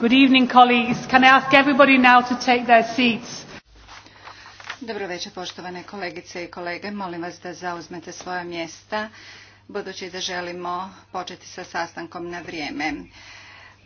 Good evening, colleagues. Can I ask everybody now to take their seats? Dobro večer, poštovane kolegice i kolege. Molim vas da zauzmete svoja mjesta, budući da želimo početi sa sastankom na vrijeme.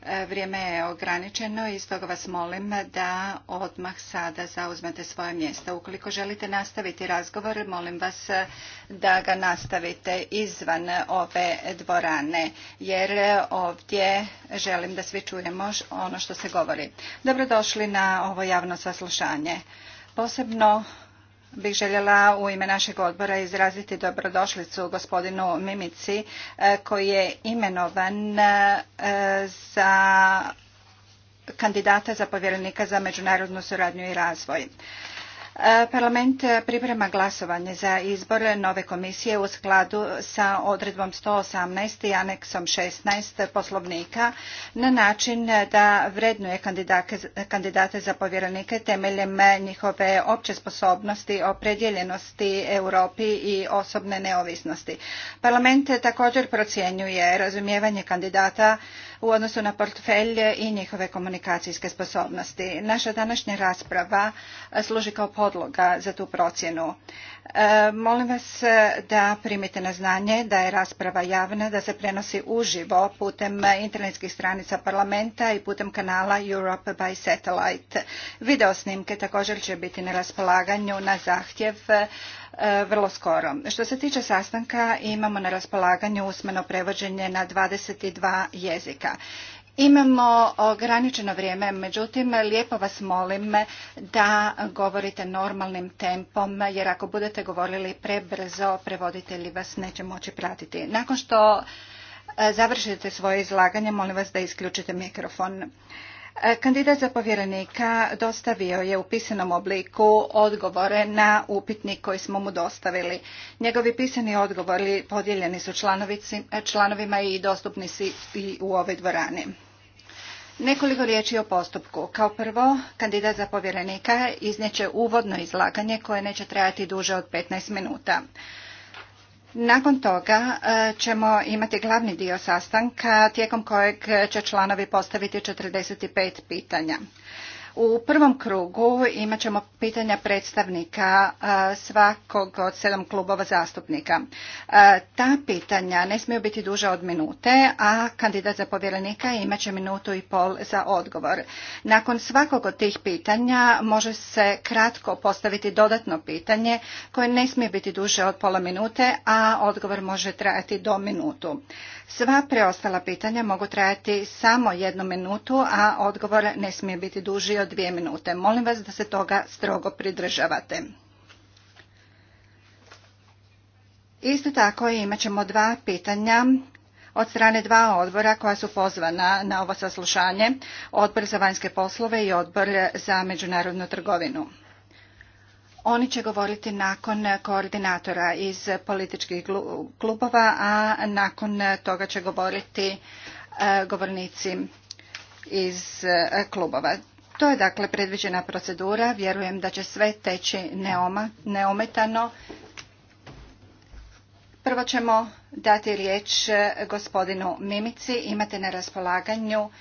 E, vrijeme je ograničeno i stoga vas molim da odmah sada zauzmete svoje mjesta. Ukoliko želite nastaviti razgovor, molim vas e, da ga nastavite izvan ove dvorane, jer e, ovdje želim da svi čujemo ono što se govori. Dobrodošli na ovo javno saslušanje. Posebno bih željela u ime našeg odbora izraziti dobrodošlicu gospodinu Mimici e, koji je imenovan e, za kandidata za povjerenika za međunarodnu suradnju i razvoj. Parlament priprema glasovanje za izbor nove komisije u skladu sa odredbom 118 i aneksom 16 poslovnika na način da vrednuje kandidate za povjerenike temeljem njihove opće sposobnosti, opredijeljenosti Europi i osobne neovisnosti. Parlament također procjenjuje razumijevanje kandidata u odnosu na portfelje i njihove komunikacijske sposobnosti. Naša današnja rasprava služi kao podloga za tu procjenu. E, molim vas da primite na znanje da je rasprava javna, da se prenosi uživo putem internetskih stranica parlamenta i putem kanala Europe by Satellite. Video snimke također će biti na raspolaganju na zahtjev e, vrlo skoro. Što se tiče sastanka, imamo na raspolaganju usmeno prevođenje na 22 jezika. Imamo ograničeno vrijeme, međutim, lijepo vas molim da govorite normalnim tempom, jer ako budete govorili prebrzo, prevoditelji vas neće moći pratiti. Nakon što e, završite svoje izlaganje, molim vas da isključite mikrofon. E, kandidat za povjerenika dostavio je u pisanom obliku odgovore na upitnik koji smo mu dostavili. Njegovi pisani odgovori podijeljeni su e, članovima i dostupni su i u ovoj dvorani. Nekoliko riječi o postupku. Kao prvo, kandidat za povjerenika izneće uvodno izlaganje koje neće trajati duže od 15 minuta. Nakon toga e, ćemo imati glavni dio sastanka tijekom kojeg će članovi postaviti 45 pitanja. U prvom krugu imat ćemo pitanja predstavnika svakog od sedam klubova zastupnika. Ta pitanja ne smiju biti duža od minute, a kandidat za povjerenika imat će minutu i pol za odgovor. Nakon svakog od tih pitanja može se kratko postaviti dodatno pitanje koje ne smije biti duže od pola minute, a odgovor može trajati do minutu. Sva preostala pitanja mogu trajati samo jednu minutu, a odgovor ne smije biti duži od dvije minute. Molim vas da se toga strogo pridržavate. Isto tako imat ćemo dva pitanja od strane dva odbora koja su pozvana na ovo saslušanje, odbor za vanjske poslove i odbor za međunarodnu trgovinu. Oni će govoriti nakon koordinatora iz političkih klubova, a nakon toga će govoriti e, govornici iz e, klubova. To je dakle predviđena procedura. Vjerujem da će sve teći neometano. Prvo ćemo dati riječ eh, gospodinu Mimici. Imate na raspolaganju